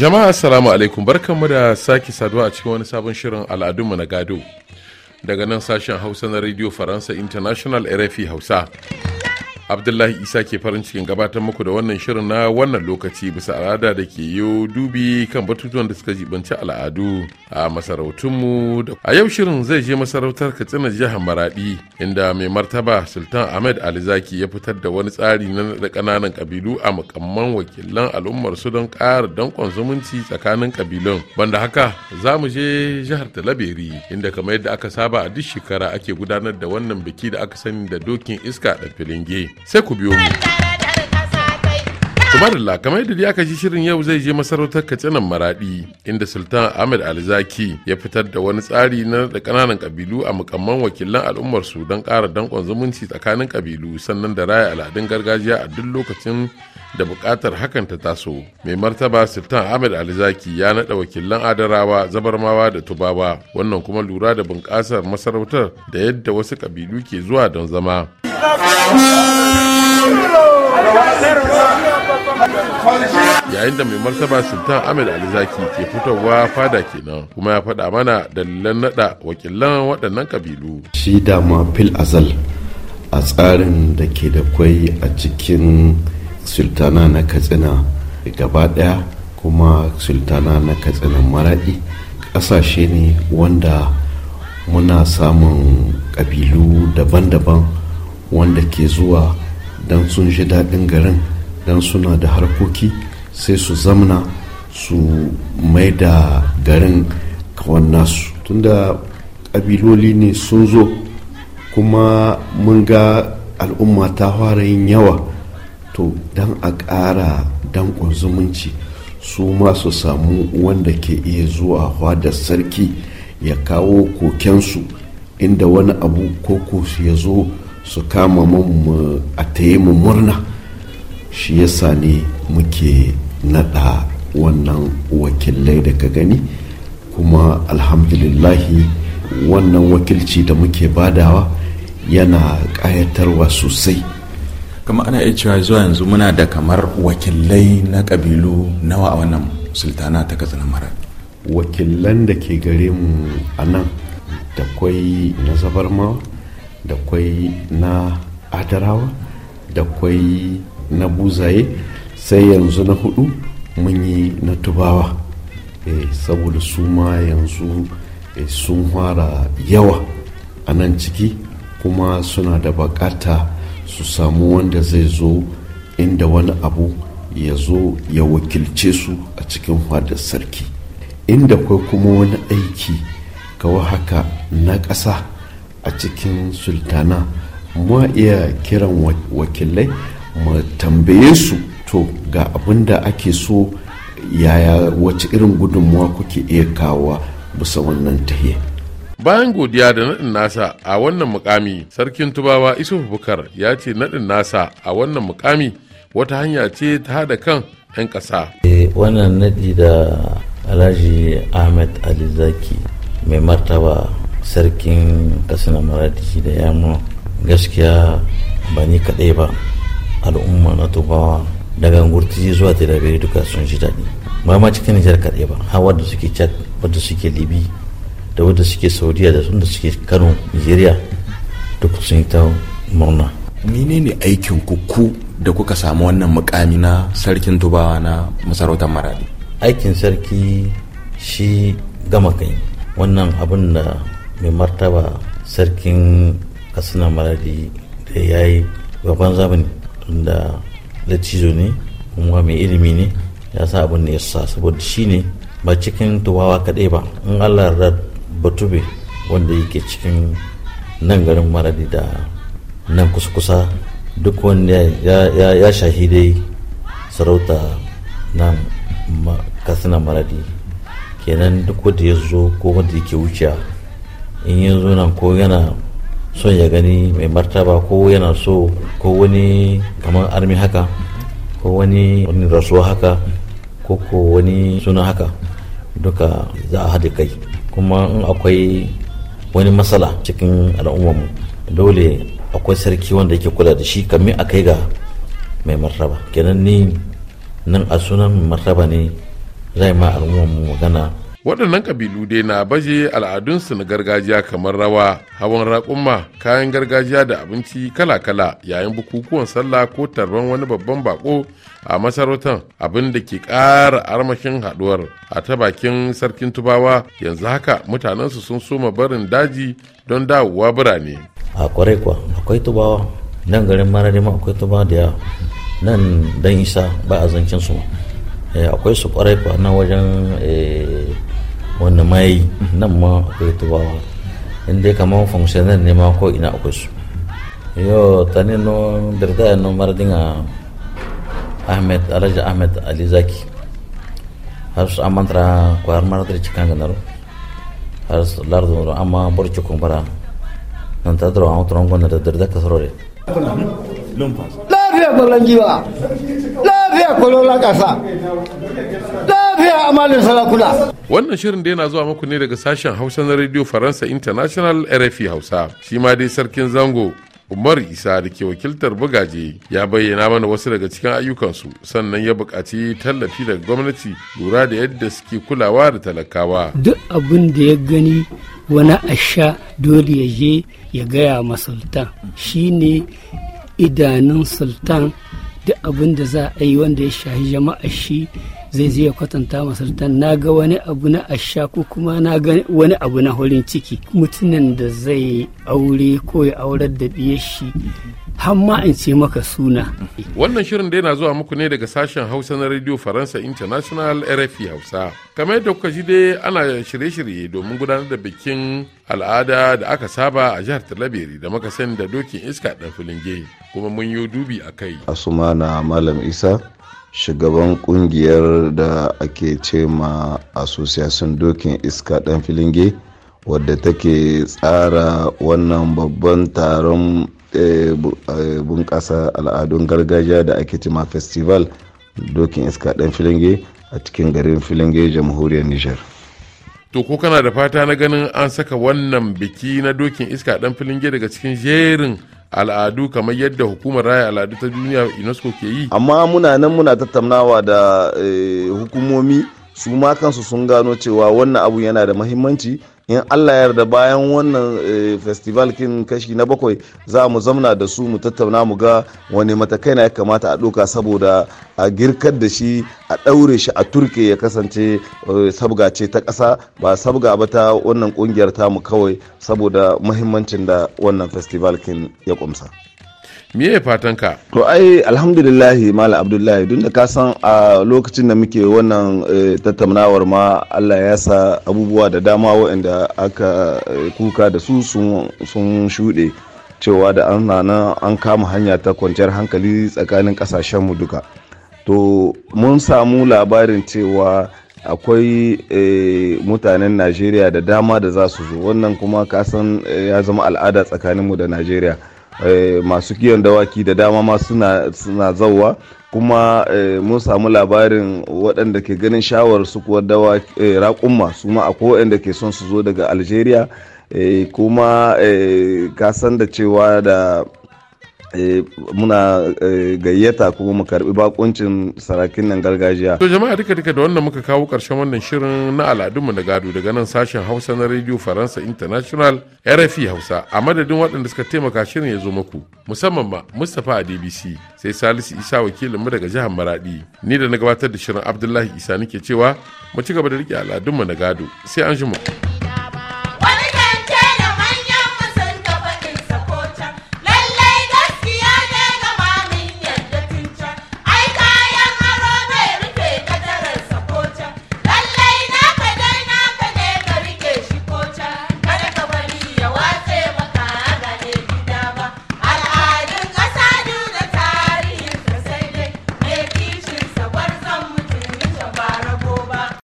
Jama'a assalamu alaikum barkan mu da sake saduwa a cikin wani sabon shirin al'adunmu na gado. Daga nan sashen Hausa na Radio Faransa International RFI Hausa. abdullahi isa ke farin cikin gabatar muku da wannan shirin na wannan lokaci bisa al'ada da ke yi dubi kan batutuwan da suka jibanci al'adu a masarautunmu a yau shirin zai je masarautar katsina jihar maradi inda mai martaba sultan ahmed alizaki ya fitar da wani tsari na da ƙananan kabilu a makamman wakilan al'ummar su don ƙara danƙon zumunci tsakanin kabilun banda haka za mu je jihar talabiri inda kamar yadda aka saba a duk shekara ake gudanar da wannan biki da aka sani da dokin iska da filinge sai ku biyo mu. Tumarilla kamar yadda aka ji shirin yau zai je masarautar Katsinan Maradi inda Sultan Ahmed Alzaki ya fitar da wani tsari na da kananan kabilu a mukamman wakilan al'ummar su don ƙara danƙon zumunci tsakanin kabilu sannan da raya al'adun gargajiya a duk lokacin da buƙatar hakan ta taso. Mai martaba Sultan Ahmed Alzaki ya naɗa wakilan Adarawa, Zabarmawa da Tubawa wannan kuma lura da bunƙasar masarautar da yadda wasu kabilu ke zuwa don zama yayin da mai martaba sultan ahmed zaki ke fitowa fada kenan kuma ya faɗa mana dalilan nada wakilan waɗannan kabilu shi dama fil azal a tsarin da ke da kwai a cikin sultana na katsina gaba ɗaya kuma sultana na katsina maraɗi ƙasashe ne wanda muna samun ƙabilu daban-daban wanda ke zuwa don sun ji daɗin garin don suna da harkoki sai su zamna su mai da garin kawan nasu tunda ƙabiloli ne sun zo kuma mun ga al'umma ta fara yin yawa to don a ƙara danƙon zumunci su ma su samu wanda ke iya zuwa hwadar sarki ya kawo kokensu inda wani abu koko ya zo su kama mun a taye mu murna shi yasa ne muke nada wannan wakilai daga gani kuma alhamdulillahi wannan wakilci da muke badawa yana ƙayatarwa sosai kama ana iya cewa zuwa yanzu muna da kamar wakilai na ƙabilu nawa a wannan sultana ta katsina mara wakilan da ke gare mu a nan da kwai na zabarmawa da kwai na adarawa da kwai na buzaye sai yanzu na hudu mun yi na tubawa eh, saboda su ma yanzu eh, sun fara yawa a nan ciki kuma suna da bakata su samu wanda zai zo inda wani abu ya zo ya wakilce su a cikin hadar sarki inda kwai kuma wani aiki kawai haka na ƙasa a cikin sultana ma iya kiran wakilai mu tambaye su to ga abin da ake so yaya wace irin gudunmuwa kuke iya kawo bisa wannan tahiyar bayan godiya da naɗin nasa a wannan mukami sarkin tubawa isufu bukar ya ce naɗin nasa a wannan mukami wata hanya ce ta hada kan 'yan ƙasa eh, wannan naɗi da alhaji ahmed alizaki mai martaba sarkin katsina maradi da yamma gaskiya ba ni kaɗai ba al'umma na tubawa daga gurtiji zuwa tilabiri duka sun ji daɗi ba ma cikin nijar kaɗai ba har wadda suke chad wadda suke libi da wadda suke saudiya da wadda suke kano nigeria duk sun yi ta murna menene aikin kuku da kuka samu wannan mukami na sarkin tubawa na masarautar maradi aikin sarki shi gama kai wannan abin da mai martaba sarkin katsina maradi da ya yi gaban zamani tunda latizo ne kuma mai ilimi ne ya sa abin da ya sa saboda shi ne ba cikin tubawa kaɗai ba in allah rad batube wanda yake cikin nan garin maradi da nan kusa-kusa duk wanda ya shahi dai sarauta nan katsina maradi kenan duk wanda ya zo ko wanda yake wucewa in ya zo nan ko yana son ya gani mai martaba ko yana so ko wani kamar armi haka ko wani wani rasuwa haka ko ko wani suna haka duka za a haɗe kai kuma in akwai wani matsala cikin al'ummarmu dole akwai sarki wanda yake kula da shi kamin a kai ga mai martaba kenan ni nan a sunan martaba ne zai ma al'ummarmu magana waɗannan ƙabilu dai na baje al'adunsu na gargajiya kamar rawa hawan raƙumma kayan gargajiya da abinci kala-kala yayin bukukuwan sallah ko tarban wani babban bako a masarautar abin da ke ƙara armashin haɗuwar a ta bakin sarkin tubawa yanzu haka mutanensu sun soma barin daji don dawowa birane a kwarai kuwa akwai tubawa nan garin marari ma akwai tubawa da yawa nan dan isa ba a zancen su eh, akwai su kwarai kuwa nan wajen eh, wanda ma yi nan ma akwai tubawa inda kamar funksiyonar ne ma ko ina akwai su yo tani no dirda no mardinga ahmed alhaji ahmed ali zaki har su amantra kwar mardar cikin ganaro har su lardun amma burci kumbara nan ta dara wani turon gwamnati da dirda kasarore lafiya balon giwa lafiya kolola ƙasa lafiya amalin sarakuna wannan shirin da yana zuwa muku ne daga sashen hausa na radio faransa international rfi hausa shi ma dai sarkin zango umar isa da ke wakiltar bugaje ya bayyana mana wasu daga cikin ayyukansu sannan ya buƙaci tallafi daga gwamnati lura da yadda suke kulawa da talakawa duk abin da ya gani wani asha dole ya je ya gaya ma sultan shine idanun sultan duk abin da za a yi wanda ya shahi jama'a shi zai zai ya kwatanta masultan na ga wani abu na asha ko kuma na ga wani abu na horin ciki mutumin da zai aure ko ya aurar da ɗiyar shi hamma in ce maka suna. Wannan shirin dai na zuwa muku ne daga sashen Hausa na Radio Faransa International RFI Hausa. Kamar yadda kuka ji dai ana shirye-shirye domin gudanar da bikin al'ada da aka saba a jihar Talabiri da muka sani da dokin iska ɗan filinge kuma mun yi dubi a kai. Asumana Malam Isa shugaban kungiyar da ake ce ma Association Dokin Iska ɗan filinge wadda take tsara wannan babban taron Eh, eh, bunƙasa al'adun gargajiya da ake cima festival dokin iska ɗan filinge a cikin garin filinge jamhuriyar nijar to ko kana da fata na ganin an saka wannan biki na dokin iska ɗan filinge daga cikin jerin al'adu kamar yadda hukumar raya al'adu ta duniya unesco ke yi amma muna nan muna tattaunawa da eh, hukumomi su ma kansu sun gano cewa wannan abu yana da mahimmanci in allah yarda bayan wannan eh, festival kin kashi na bakwai za mu zamna da su mu tattauna mu ga wani matakai na ya kamata a ɗauka saboda a girkar da shi a ɗaure shi a turke ya kasance eh, sabga ce ta ƙasa ba sabga ba ta wannan ƙungiyar tamu kawai saboda mahimmancin da wannan festival kin ya ƙumsa. me fatan ka to ai alhamdulillahi mala abdullahi duk da ka san a lokacin da muke wannan eh, tattaunawar ma allah ya sa abubuwa da dama waɗanda aka eh, kuka da su sun shuɗe cewa da an nana an kama hanya ta kwanciyar hankali tsakanin ƙasashenmu duka to mun samu labarin cewa akwai eh, mutanen najeriya da dama da za su zo wannan kuma kasan ya zama al'ada tsakaninmu da najeriya Eh, masu kiyon dawaki da dama ma suna zauwa kuma eh, mun samu labarin waɗanda ke ganin shawar su kuwa eh, raƙumma su ma akwai waɗanda ke son su zo daga algeria kuma kasan da cewa da Eh, muna eh, gayyata kuma mu karbi bakuncin sarakin nan gargajiya. To jama'a duka duka da wannan muka kawo karshen wannan shirin na al'adun mu na gado daga nan sashen Hausa na Radio Faransa International RFI Hausa a madadin waɗanda suka taimaka shirin ya zo muku musamman ma Mustapha a DBC sai Salisu Isa wakilinmu daga jihar Maradi ni da na gabatar da shirin Abdullahi Isa nake cewa mu ci gaba da rike mu na gado sai an ji mu.